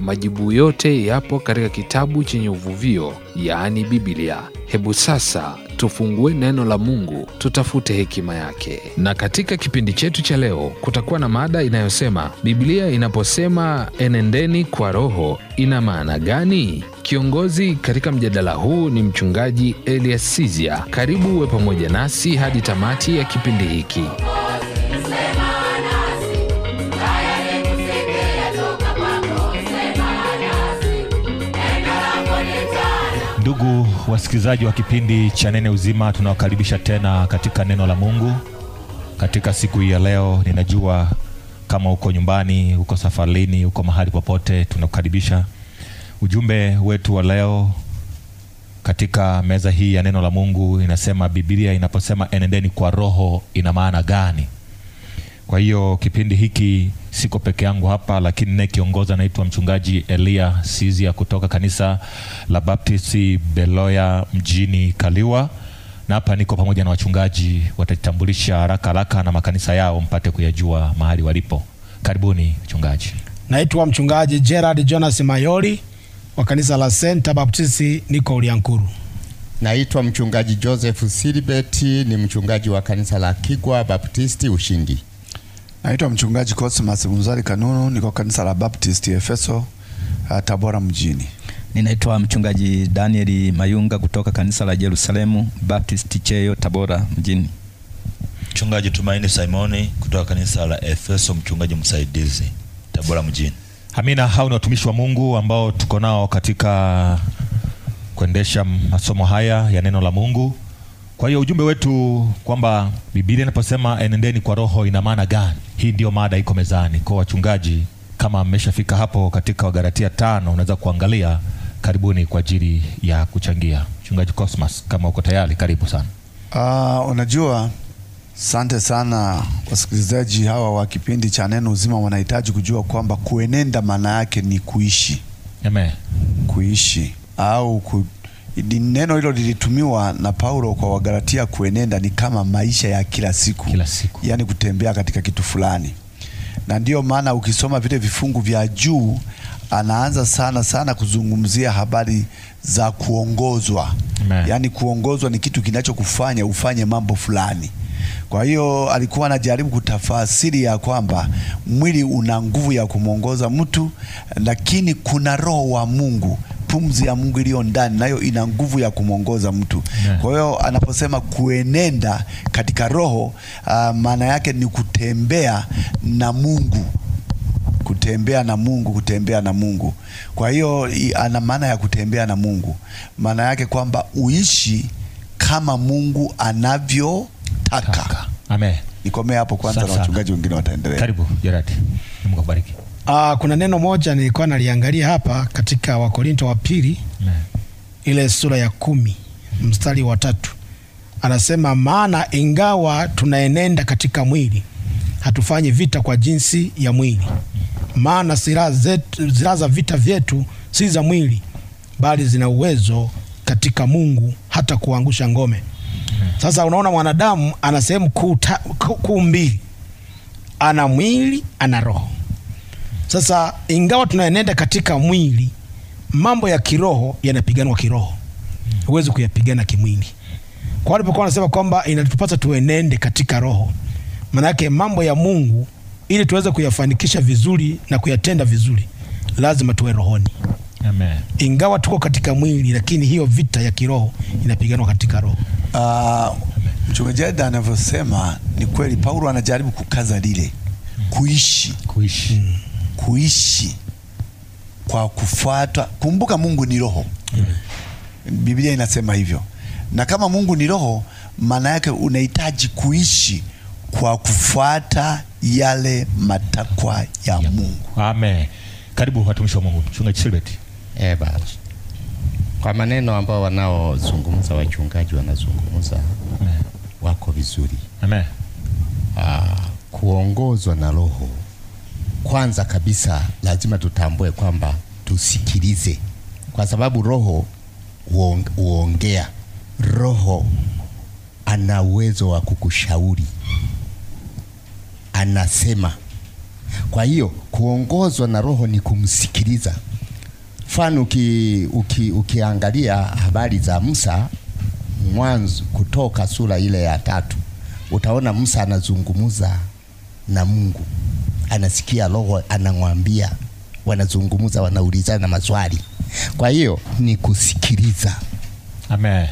Majibu yote yapo katika kitabu chenye uvuvio, yaani Biblia. Hebu sasa tufungue neno la Mungu, tutafute hekima yake. Na katika kipindi chetu cha leo kutakuwa na mada inayosema Biblia inaposema enendeni kwa Roho ina maana gani? Kiongozi katika mjadala huu ni mchungaji Elias Sizia. Karibu uwe pamoja nasi hadi tamati ya kipindi hiki. Ndugu wasikilizaji wa kipindi cha Nene Uzima, tunawakaribisha tena katika neno la Mungu katika siku hii ya leo. Ninajua kama uko nyumbani, uko safarini, uko mahali popote, tunakukaribisha. Ujumbe wetu wa leo katika meza hii ya neno la Mungu inasema, Biblia inaposema enendeni kwa Roho, ina maana gani? Kwa hiyo kipindi hiki siko peke yangu hapa, lakini naye kiongoza naitwa mchungaji Elia Sizia kutoka kanisa la Baptisti Beloya mjini Kaliwa, na hapa niko pamoja na wachungaji, watajitambulisha haraka haraka na makanisa yao mpate kuyajua mahali walipo. Karibuni mchungaji. Naitwa mchungaji Gerard Jonas Mayori wa kanisa la Senta Baptisti, niko Uliankuru. Naitwa mchungaji Joseph Silibeti, ni mchungaji wa kanisa la Kigwa Baptisti Ushindi. Naitwa mchungaji Cosmas Muzari Kanunu, niko kanisa la Baptist Efeso, uh, Tabora mjini. Ninaitwa mchungaji Daniel Mayunga kutoka kanisa la Yerusalemu Baptist Cheyo, Tabora mjini. Mchungaji Tumaini Simoni kutoka kanisa la Efeso, mchungaji msaidizi, Tabora mjini. Amina. Hao ni watumishi wa Mungu ambao tuko nao katika kuendesha masomo haya ya neno la Mungu. Kwa hiyo ujumbe wetu kwamba Biblia inaposema enendeni kwa roho ina maana gani? Hii ndio mada iko mezani kwa wachungaji. Kama mmeshafika hapo katika Wagalatia tano, unaweza kuangalia. Karibuni kwa ajili ya kuchangia. Mchungaji Cosmas, kama uko tayari, karibu sana. Uh, unajua, sante sana wasikilizaji hawa wa kipindi cha Neno Uzima, wanahitaji kujua kwamba kuenenda maana yake ni kuishi. Amen. Kuishi au neno hilo lilitumiwa na Paulo kwa Wagalatia, kuenenda ni kama maisha ya kila siku, kila siku. Yaani kutembea katika kitu fulani, na ndiyo maana ukisoma vile vifungu vya juu anaanza sana sana kuzungumzia habari za kuongozwa. Amen. Yaani kuongozwa ni kitu kinachokufanya ufanye mambo fulani. Kwa hiyo alikuwa anajaribu kutafasiri ya kwamba mwili una nguvu ya kumwongoza mtu, lakini kuna roho wa Mungu pumzi ya Mungu iliyo ndani, nayo ina nguvu ya kumwongoza mtu yeah. Kwa hiyo anaposema kuenenda katika roho uh, maana yake ni kutembea na Mungu kutembea na Mungu, kutembea na Mungu. Kwa hiyo ana maana ya kutembea na Mungu, maana yake kwamba uishi kama Mungu anavyotaka. Amen. Nikomea hapo kwanza, na wachungaji wengine wataendelea. Karibu Gerard, Mungu akubariki. Uh, kuna neno moja nilikuwa naliangalia hapa katika Wakorinto wa pili ile sura ya kumi mstari wa tatu anasema, maana ingawa tunaenenda katika mwili hatufanyi vita kwa jinsi ya mwili, maana silaha za vita vyetu si za mwili, bali zina uwezo katika Mungu hata kuangusha ngome. Sasa unaona mwanadamu ana sehemu kuu mbili, ana mwili, ana roho sasa ingawa tunaenenda katika mwili, mambo ya kiroho yanapiganwa kiroho, huwezi kuyapigana kimwili. Kwa alipokuwa anasema kwamba inatupasa tuenende katika roho, maana yake mambo ya Mungu ili tuweze kuyafanikisha vizuri na kuyatenda vizuri lazima tuwe rohoni. Amen. Ingawa tuko katika mwili, lakini hiyo vita ya kiroho inapiganwa katika roho. Uh, mchungaji anavyosema ni kweli. Paulo anajaribu kukaza lile kuishi, kuishi. Hmm kuishi kwa kufuata. Kumbuka Mungu ni roho mm. Biblia inasema hivyo, na kama Mungu ni roho, maana yake unahitaji kuishi kwa kufuata yale matakwa ya, ya Mungu. Amen. Karibu watumishi wa Mungu, mchungaji Silbert. Eh, basi kwa maneno ambao wanaozungumza wachungaji wanazungumza Amen. Wako vizuri Amen. Ah, kuongozwa na roho kwanza kabisa lazima tutambue kwamba tusikilize, kwa sababu roho huongea, roho ana uwezo wa kukushauri, anasema. Kwa hiyo kuongozwa na roho ni kumsikiliza. Mfano uki, uki, ukiangalia habari za Musa mwanzo kutoka sura ile ya tatu, utaona Musa anazungumza na Mungu anasikia roho anamwambia, wanazungumza, wanaulizana maswali. Kwa hiyo ni kusikiliza. Amen.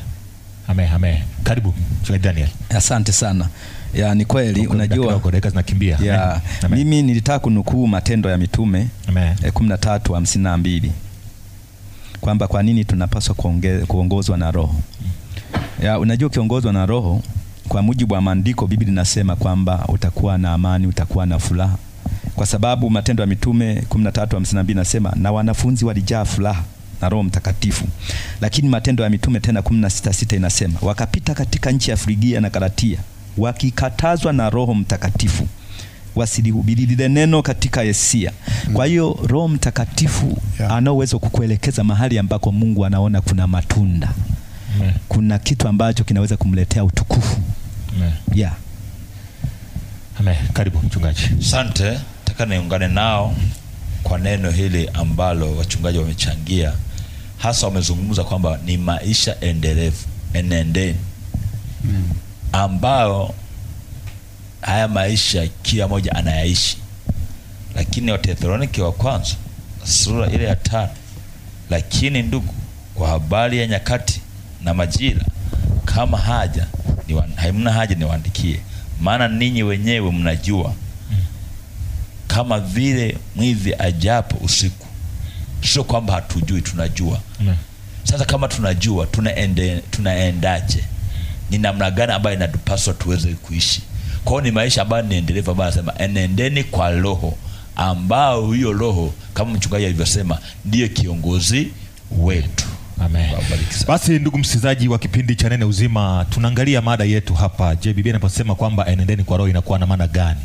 Amen, amen. Karibu Daniel. Asante sana. Ya, ni kweli unajua zinakimbia. Ya, mimi nilitaka kunukuu Matendo ya Mitume eh, kumi na tatu hamsini na mbili kwamba kwa nini tunapaswa kuongozwa na Roho. Ya, unajua ukiongozwa na Roho kwa mujibu wa maandiko, Biblia inasema kwamba utakuwa na amani, utakuwa na furaha, kwa sababu Matendo ya Mitume 13:52 nasema na wanafunzi walijaa furaha na Roho Mtakatifu. Lakini Matendo ya Mitume tena 16:6 inasema wakapita katika nchi ya Frigia na Galatia wakikatazwa na Roho Mtakatifu wasilihubiri lile neno katika Asia. Mm. Kwa hiyo Roho Mtakatifu yeah, ana uwezo kukuelekeza mahali ambako Mungu anaona kuna matunda mm, kuna kitu ambacho kinaweza kumletea utukufu mm, yeah. Amen. Karibu mchungaji. Asante nataka niungane nao kwa neno hili ambalo wachungaji wamechangia, hasa wamezungumza kwamba ni maisha endelevu, enendeni hmm. ambayo haya maisha kila moja anayaishi, lakini Wathesalonike wa kwanza sura ile ya tano, lakini ndugu, kwa habari ya nyakati na majira, kama haja ni haimna haja niwaandikie, maana ninyi wenyewe mnajua kama vile mwivi ajapo usiku. Sio kwamba hatujui, tunajua ne. Sasa kama tunajua tunaende, tunaendaje? Ni namna gani ambayo inatupaswa tuweze kuishi? Kwa hiyo ni maisha ambayo ni endelevu, ambayo anasema enendeni kwa Roho, ambao hiyo Roho kama mchungaji alivyosema ndiyo kiongozi wetu. Basi ndugu msikilizaji wa kipindi cha Nene Uzima, tunaangalia mada yetu hapa. Je, Biblia inaposema kwamba enendeni kwa roho inakuwa na maana gani?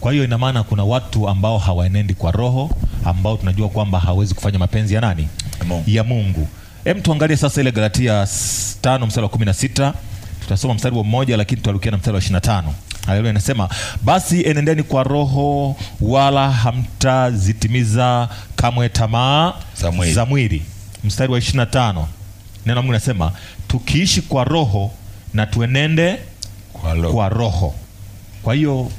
Kwa hiyo ina maana kuna watu ambao hawaenendi kwa roho, ambao tunajua kwamba hawezi kufanya mapenzi ya nani? Mungu. Ya Mungu. Hem, tuangalie sasa ile Galatia 5 mstari wa 16. Tutasoma mstari wa mmoja lakini tutarukia na mstari wa 25. Haleluya, inasema basi enendeni kwa roho wala hamtazitimiza kamwe tamaa za mwili mstari wa 25 neno Mungu nasema tukiishi kwa roho na tuenende kwa roho, kwa roho. Kwa hiyo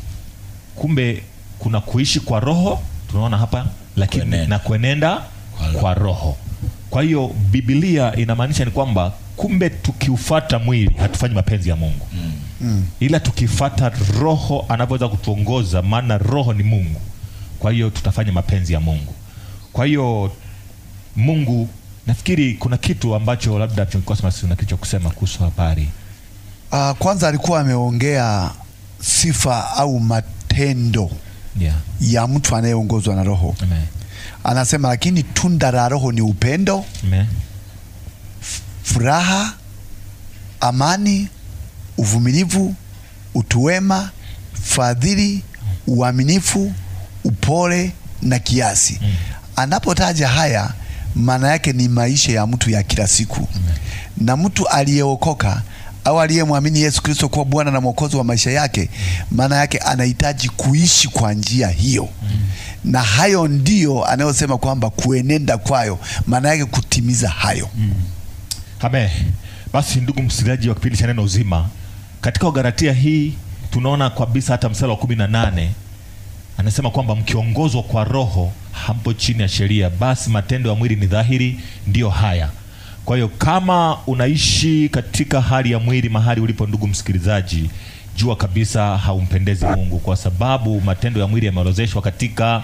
kumbe kuna kuishi kwa roho tunaona hapa, lakini kwenenda, na kuenenda kwa, kwa roho. Kwa hiyo Biblia inamaanisha ni kwamba kumbe tukiufata mwili hatufanyi mapenzi ya Mungu mm. Mm. ila tukifata roho anavyoweza kutuongoza, maana roho ni Mungu. Kwa hiyo tutafanya mapenzi ya Mungu. Kwa hiyo Mungu Nafikiri kuna kitu ambacho labda na kicho kusema kuhusu habari. Uh, kwanza alikuwa ameongea sifa au matendo yeah, ya mtu anayeongozwa na Roho. Amen. Anasema lakini tunda la Roho ni upendo, Amen, furaha, amani, uvumilivu, utuwema, fadhili, uaminifu, upole na kiasi. Mm. Anapotaja haya maana yake ni maisha ya mtu ya kila siku Amen. Na mtu aliyeokoka au aliyemwamini Yesu Kristo kuwa Bwana na Mwokozi wa maisha yake, maana yake anahitaji kuishi kwa njia hiyo Amen. Na hayo ndiyo anayosema kwamba kuenenda kwayo, maana yake kutimiza hayo Amen. Basi ndugu msikilizaji wa kipindi cha Neno Uzima, katika Wagalatia hii tunaona kabisa hata mstari wa kumi na nane anasema kwamba mkiongozwa kwa Roho hapo chini ya sheria, basi matendo ya mwili ni dhahiri, ndiyo haya. Kwa hiyo kama unaishi katika hali ya mwili mahali ulipo, ndugu msikilizaji, jua kabisa haumpendezi Mungu, kwa sababu matendo ya mwili yameorozeshwa katika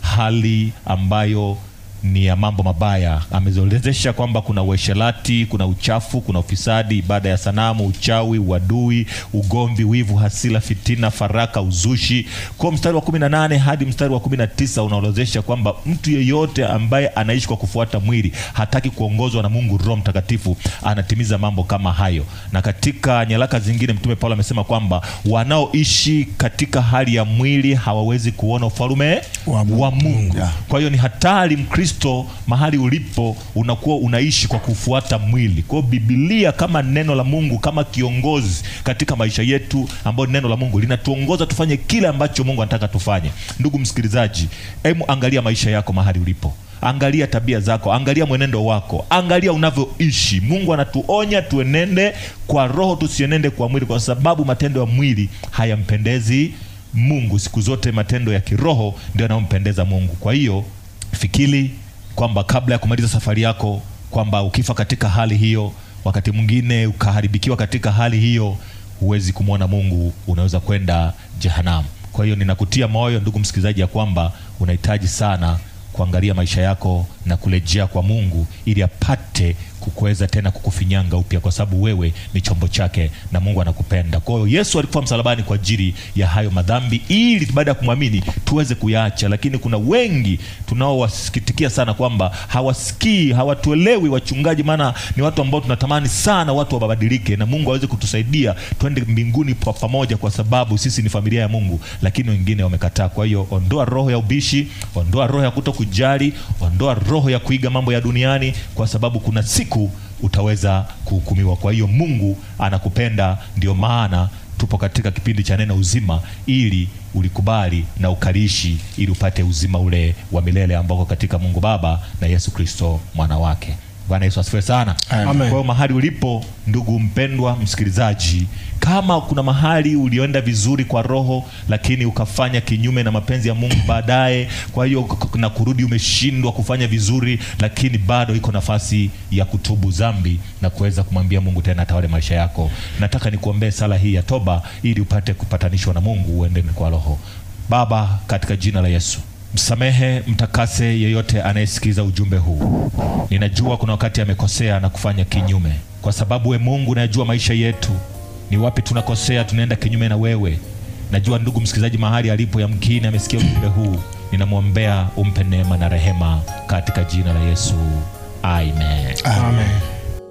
hali ambayo ni ya mambo mabaya. Amezolezesha kwamba kuna uasherati, kuna uchafu, kuna ufisadi, ibada ya sanamu, uchawi, uadui, ugomvi, wivu, hasila fitina, faraka, uzushi. Kwa mstari wa 18 hadi mstari wa 19 unaolezesha kwamba mtu yeyote ambaye anaishi kwa kufuata mwili, hataki kuongozwa na Mungu Roho Mtakatifu, anatimiza mambo kama hayo. Na katika nyaraka zingine Mtume Paulo amesema kwamba wanaoishi katika hali ya mwili hawawezi kuona ufalme wa Mungu. Kwa hiyo ni hatari Mkristo Kristo mahali ulipo unakuwa unaishi kwa kufuata mwili. Kwa hiyo Biblia kama neno la Mungu kama kiongozi katika maisha yetu, ambayo neno la Mungu linatuongoza tufanye kile ambacho Mungu anataka tufanye. Ndugu msikilizaji, hebu angalia maisha yako mahali ulipo. Angalia tabia zako, angalia mwenendo wako, angalia unavyoishi. Mungu anatuonya tuenende kwa roho, tusienende kwa mwili, kwa sababu matendo ya mwili hayampendezi Mungu. Siku zote matendo ya kiroho ndio yanayompendeza Mungu. Kwa hiyo fikiri kwamba kabla ya kumaliza safari yako kwamba ukifa katika hali hiyo, wakati mwingine ukaharibikiwa katika hali hiyo, huwezi kumwona Mungu, unaweza kwenda jehanamu. Kwa hiyo ninakutia moyo ndugu msikilizaji, ya kwamba unahitaji sana kuangalia maisha yako na kurejea kwa Mungu ili apate kukuweza tena kukufinyanga upya, kwa sababu wewe ni chombo chake na Mungu anakupenda. Kwa hiyo Yesu alikuwa msalabani kwa ajili ya hayo madhambi, ili baada ya kumwamini tuweze kuyaacha. Lakini kuna wengi tunaowasikitikia sana kwamba hawasikii, hawatuelewi wachungaji, maana ni watu ambao tunatamani sana watu wabadilike na Mungu aweze kutusaidia twende mbinguni kwa pamoja, kwa sababu sisi ni familia ya Mungu, lakini wengine wamekataa. Kwa hiyo ondoa roho ya ubishi, ondoa roho ya kuto ondoa roho ya kuiga mambo ya duniani, kwa sababu kuna siku utaweza kuhukumiwa. Kwa hiyo Mungu anakupenda, ndio maana tupo katika kipindi cha neno uzima, ili ulikubali na ukaliishi, ili upate uzima ule wa milele ambao katika Mungu Baba na Yesu Kristo mwana wake. Bwana Yesu asifiwe sana. Kwa hiyo mahali ulipo ndugu mpendwa msikilizaji, kama kuna mahali ulioenda vizuri kwa roho, lakini ukafanya kinyume na mapenzi ya Mungu baadaye, kwa hiyo na kurudi umeshindwa kufanya vizuri, lakini bado iko nafasi ya kutubu dhambi na kuweza kumwambia Mungu tena atawale maisha yako. Nataka nikuombee sala hii ya toba ili upate kupatanishwa na Mungu, uende kwa roho. Baba, katika jina la Yesu Msamehe, mtakase yeyote anayesikiza ujumbe huu. Ninajua kuna wakati amekosea na kufanya kinyume, kwa sababu we Mungu unayajua maisha yetu, ni wapi tunakosea, tunaenda kinyume na wewe. Najua ndugu msikilizaji mahali alipo, yamkini amesikia ujumbe huu, ninamwombea umpe neema na rehema katika jina la Yesu, amen, amen.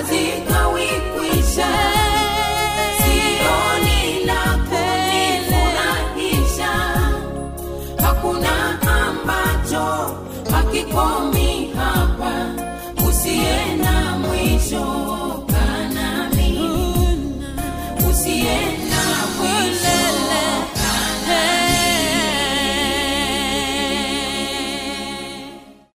Brasil.